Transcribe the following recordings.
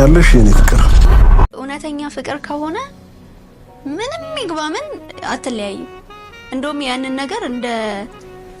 ትሆኛለሽ የኔ ፍቅር። እውነተኛ ፍቅር ከሆነ ምንም ይግባ ምን አትለያይም። እንደውም ያንን ነገር እንደ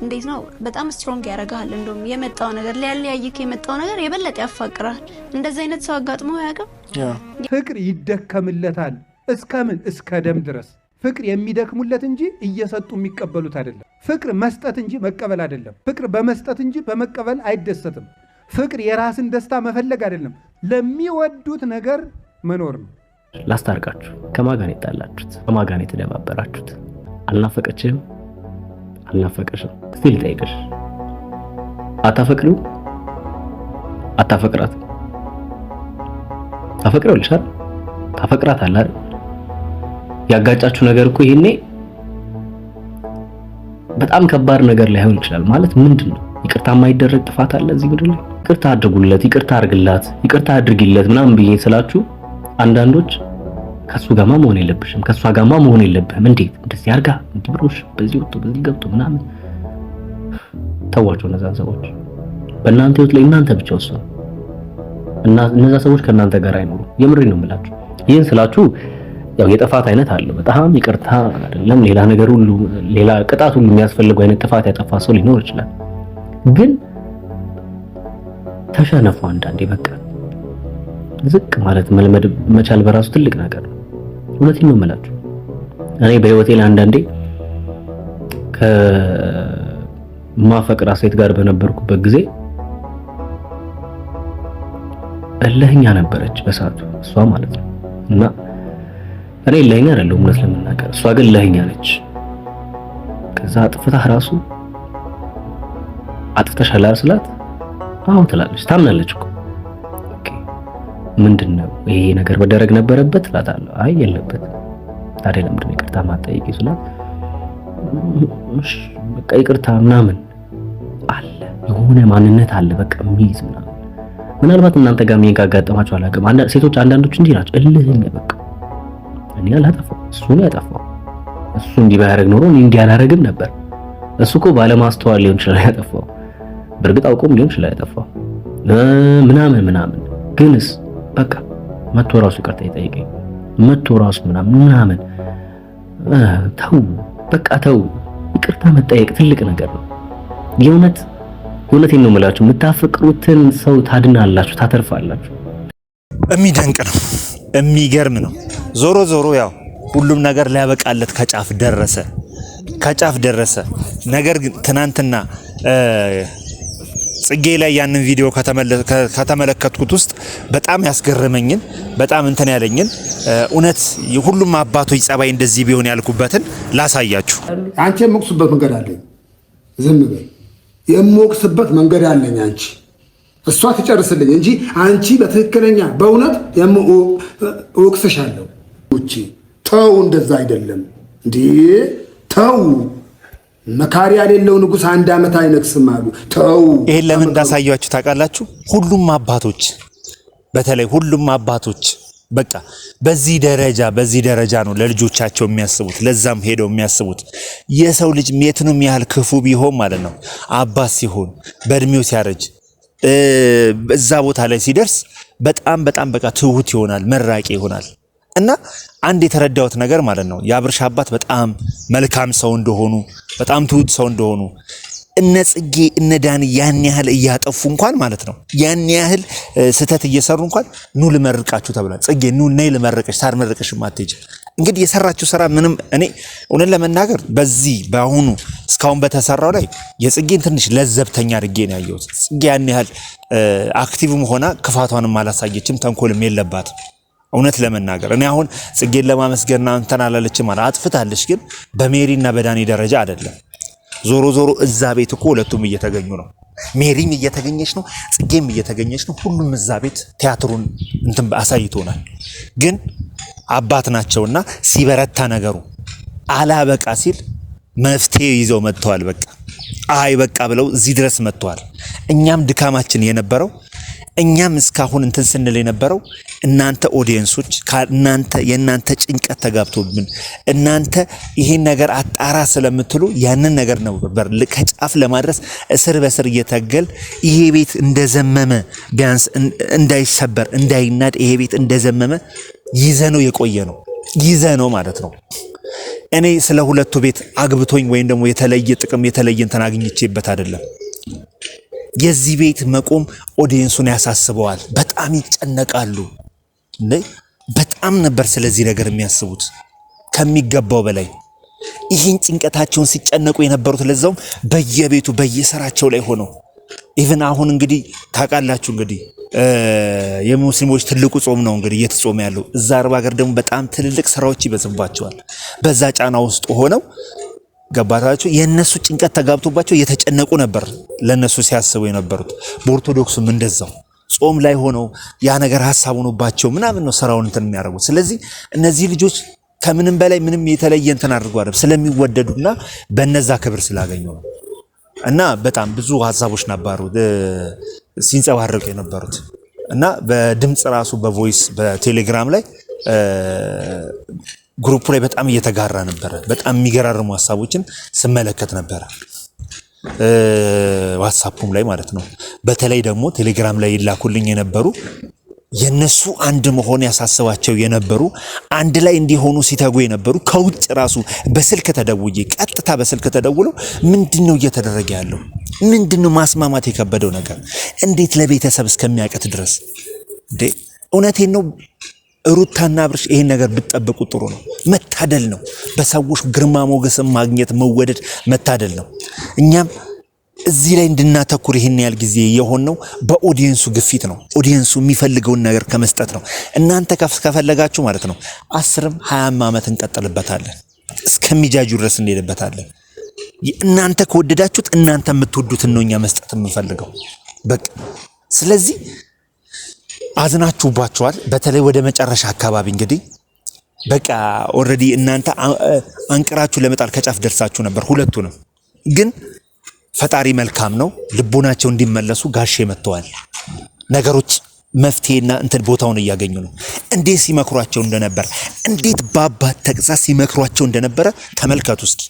እንዴት ነው በጣም ስትሮንግ ያደርግሃል። እንደውም የመጣው ነገር ሊያለያይክ የመጣው ነገር የበለጠ ያፋቅራል። እንደዚ አይነት ሰው አጋጥሞ አያውቅም። ፍቅር ይደከምለታል። እስከምን እስከ ደም ድረስ ፍቅር የሚደክሙለት እንጂ እየሰጡ የሚቀበሉት አይደለም። ፍቅር መስጠት እንጂ መቀበል አይደለም። ፍቅር በመስጠት እንጂ በመቀበል አይደሰትም። ፍቅር የራስን ደስታ መፈለግ አይደለም። ለሚወዱት ነገር መኖር ነው። ላስታርቃችሁ። ከማጋን የጣላችሁት ከማጋን የተደባበራችሁት አልናፈቀችህም? አልናፈቀሽም? እስቲ ልጠይቅሽ፣ አታፈቅሪው? አታፈቅራት? ታፈቅረው ልሻል ታፈቅራት አለ አይደል? ያጋጫችሁ ነገር እኮ ይሄኔ በጣም ከባድ ነገር ላይሆን ይችላል። ማለት ምንድን ነው ይቅርታ የማይደረግ ጥፋት አለ እዚህ ምድር ላይ? ይቅርታ አድርጉለት፣ ይቅርታ አድርግላት፣ ይቅርታ አድርጊለት ምናምን ብዬ ስላችሁ አንዳንዶች ከሱ ጋማ መሆን የለብሽም ከሷ ጋማ መሆን የለብህም እንዴት እንደዚህ አርጋ እንዲህ ብሎሽ በዚህ ወጥቶ በዚህ ገብቶ ምናምን ተዋቸው። እነዛን ሰዎች በእናንተ ህይወት ላይ እናንተ ብቻ ወስኑ እና እነዛ ሰዎች ከእናንተ ጋር አይኖሩም። የምሬ ነው የምላችሁ። ይህን ስላችሁ ያው የጥፋት አይነት አለው። በጣም ይቅርታ አይደለም ሌላ ነገር ሁሉ ሌላ ቅጣት ሁሉ የሚያስፈልገው አይነት ጥፋት ያጠፋ ሰው ሊኖር ይችላል ግን ተሸነፉ። አንዳንዴ በቃ ዝቅ ማለት መልመድ መቻል በራሱ ትልቅ ነገር ነው። እውነቴን ነው የምላችሁ። እኔ በህይወቴ ላይ አንዳንዴ ከማፈቅራ ሴት ጋር በነበርኩበት ጊዜ እልህኛ ነበረች በሰዓቱ እሷ ማለት ነው። እና እኔ እልህኛ አይደለሁም እውነት ለመናገር እሷ ግን እልህኛ ነች። ከዛ አጥፍታህ ራሱ አጥፍተሻል ስላት አሁን ትላለች፣ ታምናለች እኮ ምንድን ነው ይሄ ነገር መደረግ ነበረበት እላታለሁ። አይ የለበት። ታዲያ ለምንድን ነው ይቅርታ ማጠየቅ ይችላል? በቃ ይቅርታ ምናምን አለ የሆነ ማንነት አለ በቃ የሚይዝ ምናምን። ምናልባት እናንተ ጋር ምን ያጋጠማችሁ አላውቅም። ሴቶች አንዳንዶች እንዲህ ናቸው፣ እልህኛ በቃ እኔ አላጠፋው እሱ ነው ያጠፋው፣ እሱ እንዲህ ባያደርግ ኖሮ እኔ እንዲህ አላደርግም ነበር። እሱ እኮ ባለማስተዋል ሊሆን ይችላል ያጠፋው በእርግጥ አውቀውም ሊሆን ይችላል ያጠፋው ምናምን ምናምን፣ ግንስ በቃ መቶ ራሱ ይቅርታ ይጠይቀኝ መቶ ራሱ ምናምን ምናምን። ተው በቃ ተው። ይቅርታ መጠየቅ ትልቅ ነገር ነው። የእውነት እውነት ነው የምላችሁ፣ የምታፈቅሩትን ሰው ታድናላችሁ፣ ታተርፋላችሁ። የሚደንቅ ነው፣ የሚገርም ነው። ዞሮ ዞሮ ያው ሁሉም ነገር ሊያበቃለት ከጫፍ ደረሰ፣ ከጫፍ ደረሰ። ነገር ግን ትናንትና ጽጌ ላይ ያንን ቪዲዮ ከተመለከትኩት ውስጥ በጣም ያስገረመኝን በጣም እንትን ያለኝን እውነት ሁሉም አባቶች ጸባይ እንደዚህ ቢሆን ያልኩበትን ላሳያችሁ። አንቺ የምወቅስበት መንገድ አለኝ። ዝም በይ። የምወቅስበት መንገድ አለኝ። አንቺ እሷ ትጨርስልኝ እንጂ አንቺ በትክክለኛ በእውነት እወቅስሻለሁ። ውጪ ተው፣ እንደዛ አይደለም እንዴ! ተው መካሪ የሌለው ንጉስ አንድ ዓመት አይነግስም አሉ። ተው። ይሄን ለምን እንዳሳያችሁ ታውቃላችሁ? ሁሉም አባቶች በተለይ ሁሉም አባቶች በቃ በዚህ ደረጃ በዚህ ደረጃ ነው ለልጆቻቸው የሚያስቡት። ለዛም ሄደው የሚያስቡት የሰው ልጅ የትንም ያህል ክፉ ቢሆን ማለት ነው አባት ሲሆን በእድሜው ሲያረጅ እዛ ቦታ ላይ ሲደርስ በጣም በጣም በቃ ትሁት ይሆናል፣ መራቂ ይሆናል። እና አንድ የተረዳሁት ነገር ማለት ነው የአብርሽ አባት በጣም መልካም ሰው እንደሆኑ፣ በጣም ትሁት ሰው እንደሆኑ እነ ጽጌ እነ ዳኒ ያን ያህል እያጠፉ እንኳን ማለት ነው ያን ያህል ስህተት እየሰሩ እንኳን ኑ ልመርቃችሁ ተብሏል። ጽጌ ኑ ነይ ልመርቅሽ፣ ሳልመርቅሽ ማትጅ እንግዲህ የሰራችሁ ስራ ምንም እኔ እውነት ለመናገር በዚህ በአሁኑ እስካሁን በተሰራው ላይ የጽጌን ትንሽ ለዘብተኛ አድርጌ ነው ያየሁት። ጽጌ ያን ያህል አክቲቭም ሆና ክፋቷንም አላሳየችም፣ ተንኮልም የለባትም። እውነት ለመናገር እኔ አሁን ጽጌን ለማመስገንና እንትን አላለችም ማለት አጥፍታለች፣ ግን በሜሪና በዳኒ ደረጃ አይደለም። ዞሮ ዞሮ እዛ ቤት እኮ ሁለቱም እየተገኙ ነው። ሜሪም እየተገኘች ነው፣ ጽጌም እየተገኘች ነው። ሁሉም እዛ ቤት ቲያትሩን እንትን አሳይቶናል። ግን አባት ናቸውና ሲበረታ ነገሩ አላበቃ ሲል መፍትሄ ይዘው መጥተዋል። በቃ አይ በቃ ብለው እዚህ ድረስ መጥተዋል። እኛም ድካማችን የነበረው እኛም እስካሁን እንትን ስንል የነበረው እናንተ ኦዲየንሶች እናንተ የእናንተ ጭንቀት ተጋብቶብን እናንተ ይሄን ነገር አጣራ ስለምትሉ ያንን ነገር ነበር ከጫፍ ለማድረስ እስር በስር እየተገል ይሄ ቤት እንደዘመመ ቢያንስ እንዳይሰበር እንዳይናድ ይሄ ቤት እንደዘመመ ይዘነው የቆየ ነው ይዘ ነው ማለት ነው። እኔ ስለ ሁለቱ ቤት አግብቶኝ ወይም ደግሞ የተለየ ጥቅም የተለየ እንትን አግኝቼበት አይደለም። የዚህ ቤት መቆም ኦዲየንሱን ያሳስበዋል። በጣም ይጨነቃሉ። በጣም ነበር ስለዚህ ነገር የሚያስቡት ከሚገባው በላይ። ይህን ጭንቀታቸውን ሲጨነቁ የነበሩት ለዛውም በየቤቱ በየስራቸው ላይ ሆነው ኢቨን አሁን እንግዲህ ታውቃላችሁ እንግዲህ የሙስሊሞች ትልቁ ጾም ነው እንግዲህ እየተጾመ ያለው እዛ አረብ ሀገር ደግሞ በጣም ትልልቅ ስራዎች ይበዝባቸዋል። በዛ ጫና ውስጥ ሆነው ገባታቸው የእነሱ ጭንቀት ተጋብቶባቸው እየተጨነቁ ነበር ለእነሱ ሲያስቡ የነበሩት። በኦርቶዶክሱም እንደዛው ጾም ላይ ሆነው ያ ነገር ሀሳብ ሆኖባቸው ምናምን ነው ስራውን እንትን የሚያደርጉት። ስለዚህ እነዚህ ልጆች ከምንም በላይ ምንም የተለየ እንትን አድርጎ አይደለም ስለሚወደዱና በነዛ ክብር ስላገኙ ነው። እና በጣም ብዙ ሀሳቦች ነበሩ ሲንጸባረቁ የነበሩት እና በድምፅ ራሱ በቮይስ በቴሌግራም ላይ ግሩፕ ላይ በጣም እየተጋራ ነበረ። በጣም የሚገራርሙ ሀሳቦችን ስመለከት ነበረ ዋትሳፑም ላይ ማለት ነው። በተለይ ደግሞ ቴሌግራም ላይ ይላኩልኝ የነበሩ የነሱ አንድ መሆን ያሳስባቸው የነበሩ አንድ ላይ እንዲሆኑ ሲተጉ የነበሩ ከውጭ ራሱ በስልክ ተደውዬ ቀጥታ በስልክ ተደውለው ምንድን ነው እየተደረገ ያለው? ምንድን ነው ማስማማት የከበደው ነገር? እንዴት ለቤተሰብ እስከሚያቀት ድረስ እንዴ! እውነቴን ነው ሩታና ብርሽ ይሄን ነገር ብትጠብቁ ጥሩ ነው። መታደል ነው። በሰዎች ግርማ ሞገስን ማግኘት መወደድ መታደል ነው። እኛም እዚህ ላይ እንድናተኩር ይህን ያህል ጊዜ የሆን ነው በኦዲየንሱ ግፊት ነው። ኦዲየንሱ የሚፈልገውን ነገር ከመስጠት ነው። እናንተ ከፈለጋችሁ ማለት ነው አስርም ሀያም ዓመት እንቀጥልበታለን። እስከሚጃጁ ድረስ እንሄድበታለን። እናንተ ከወደዳችሁት እናንተ የምትወዱትን ነው እኛ መስጠት የምንፈልገው በቃ ስለዚህ አዝናችሁባቸዋል። በተለይ ወደ መጨረሻ አካባቢ እንግዲህ በቃ ኦልሬዲ እናንተ አንቅራችሁ ለመጣል ከጫፍ ደርሳችሁ ነበር። ሁለቱ ነው ግን ፈጣሪ መልካም ነው። ልቦናቸው እንዲመለሱ ጋሼ መጥተዋል። ነገሮች መፍትሄና እንትን ቦታውን እያገኙ ነው። እንዴት ሲመክሯቸው እንደነበረ እንዴት በአባት ተግሳጽ ሲመክሯቸው እንደነበረ ተመልከቱ እስኪ።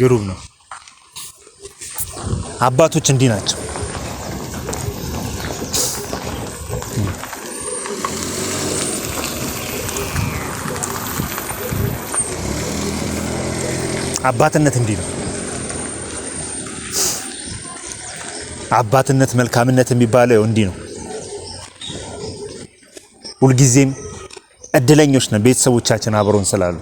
ግሩም ነው። አባቶች እንዲህ ናቸው። አባትነት እንዲህ ነው። አባትነት መልካምነት የሚባለው እንዲህ ነው። ሁልጊዜም እድለኞች ነን ቤተሰቦቻችን አብሮን ስላሉ።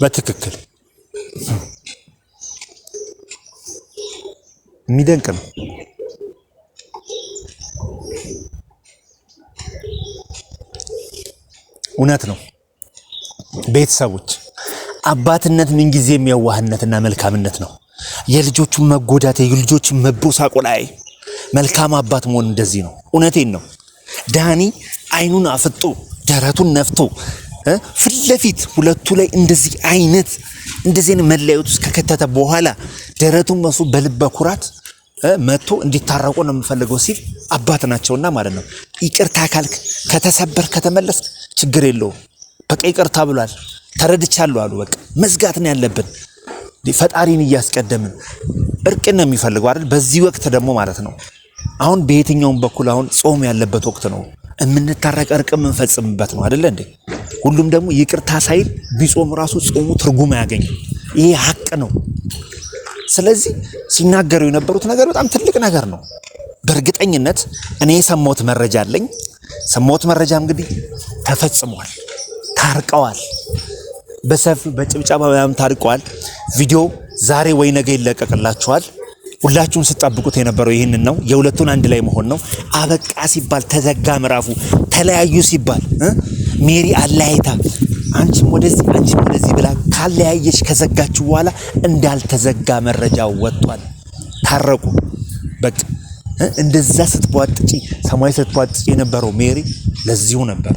በትክክል የሚደንቅ ነው። እውነት ነው። ቤተሰቦች አባትነት ምንጊዜም የዋህነትና መልካምነት ነው። የልጆቹን መጎዳት የልጆቹን ላይ መልካም አባት መሆን እንደዚህ ነው። እውነቴን ነው። ዳኒ አይኑን አፍጦ ደረቱን ነፍቶ ፊት ለፊት ሁለቱ ላይ እንደዚህ አይነት እንደዚህ መለያየት ውስጥ ከከተተ በኋላ ደረቱን መሱ በልበ ኩራት መጥቶ እንዲታረቁ ነው የምፈልገው ሲል አባት ናቸውና ማለት ነው። ይቅርታ ካልክ ከተሰበር ከተመለስ ችግር የለውም። በቃ ይቅርታ ብሏል ተረድቻለሁ አሉ። በቃ መዝጋት ነው ያለብን። ፈጣሪን እያስቀደምን እርቅ ነው የሚፈልገው አይደል? በዚህ ወቅት ደግሞ ማለት ነው አሁን በየትኛውም በኩል አሁን ጾም ያለበት ወቅት ነው። የምንታረቅ እርቅ የምንፈጽምበት ነው አደለ እንዴ? ሁሉም ደግሞ ይቅርታ ሳይል ቢጾም ራሱ ጾሙ ትርጉም አያገኝ ይሄ ሀቅ ነው። ስለዚህ ሲናገሩ የነበሩት ነገር በጣም ትልቅ ነገር ነው። በእርግጠኝነት እኔ የሰማሁት መረጃ አለኝ። ሰማሁት መረጃ እንግዲህ ተፈጽሟል፣ ታርቀዋል፣ በሰፊ በጭብጨባ ምናምን ታርቀዋል። ቪዲዮ ዛሬ ወይ ነገ ይለቀቅላችኋል። ሁላችሁን ስጠብቁት የነበረው ይህንን ነው። የሁለቱን አንድ ላይ መሆን ነው። አበቃ ሲባል ተዘጋ ምዕራፉ፣ ተለያዩ ሲባል ሜሪ አለያይታ አንቺም ወደዚህ አንቺም ወደዚህ ብላ ካለያየች ከዘጋችሁ በኋላ እንዳልተዘጋ መረጃው ወጥቷል። ታረቁ በቃ። እንደዛ ስትቧጥጪ ሰማይ ስትቧጥጪ የነበረው ሜሪ ለዚሁ ነበር።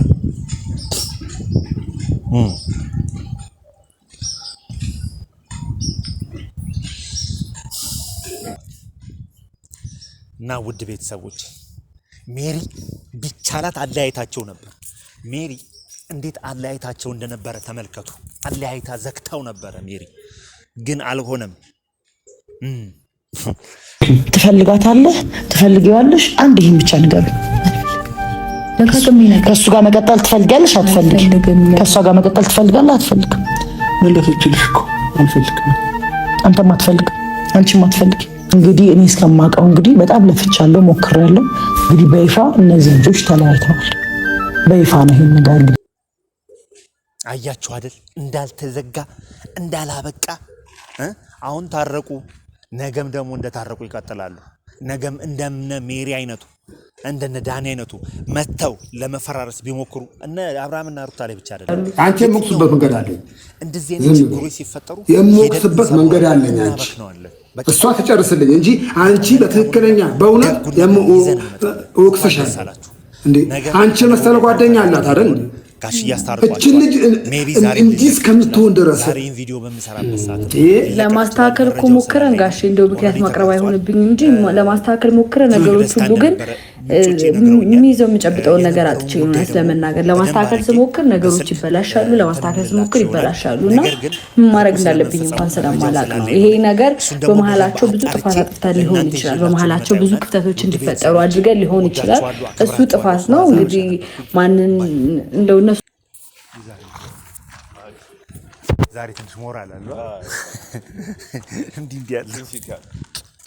እና ውድ ቤተሰቦች ሜሪ ቢቻላት አለያይታቸው ነበር። ሜሪ እንዴት አለያይታቸው እንደነበረ ተመልከቱ። አለያይታ ዘግታው ነበረ። ሜሪ ግን አልሆነም። ትፈልጋታለህ፣ ትፈልጊዋለሽ። አንድ ይህን ብቻ ንገር። ከእሱ ጋር መቀጠል ትፈልጊያለሽ? አትፈልግም? ከእሷ ጋር መቀጠል ትፈልጋለህ? አትፈልግም? መለሰችልሽ እኮ አልፈልግም። አንተም አትፈልግም፣ አንቺም አትፈልግም። እንግዲህ እኔ እስከማውቀው እንግዲህ በጣም ለፍቻለሁ፣ ሞክሬያለሁ። እንግዲህ በይፋ እነዚህ ልጆች ተለያይተዋል። በይፋ ነው ይሄን ነገር እንግዲህ አያችሁ አይደል? እንዳልተዘጋ እንዳላበቃ አሁን ታረቁ፣ ነገም ደግሞ እንደታረቁ ይቀጥላሉ። ነገም እንደምነ ሜሪ አይነቱ እንደነ ዳኒ አይነቱ መጥተው ለመፈራረስ ቢሞክሩ እነ አብርሃምና ሩታ ላይ ብቻ አይደለም። አንቺ የምወቅስበት መንገድ አለኝ። እንደዚህ አይነት ችግሮች ሲፈጠሩ የምወቅስበት መንገድ አለኝ። አንቺ እሷ ትጨርስልኝ እንጂ አንቺ በትክክለኛ በእውነት ወቅሰሻል። አንቺ መሰለ ጓደኛ አላት አይደል? እችን ልጅ እንዲህ እስከምትሆን ድረስ ለማስተካከል እኮ ሞክረን ጋሽ እንደው ምክንያት ማቅረብ አይሆንብኝ እንጂ ለማስተካከል ሞክረን ነገሮች ሁሉ ግን የሚይዘው የምጨብጠውን ነገር አጥቼ እውነት ለመናገር ለማስተካከል ስሞክር ነገሮች ይበላሻሉ፣ ለማስተካከል ስሞክር ይበላሻሉ እና ምን ማድረግ እንዳለብኝ እንኳን ስለማላቅ ነው። ይሄ ነገር በመሀላቸው ብዙ ጥፋት አጥፍተን ሊሆን ይችላል። በመሀላቸው ብዙ ክፍተቶች እንዲፈጠሩ አድርገን ሊሆን ይችላል። እሱ ጥፋት ነው እንግዲህ ማንን እንደው እነሱ ዛሬ ትንሽ ሞራል አለ እንዲህ እንዲህ ያለ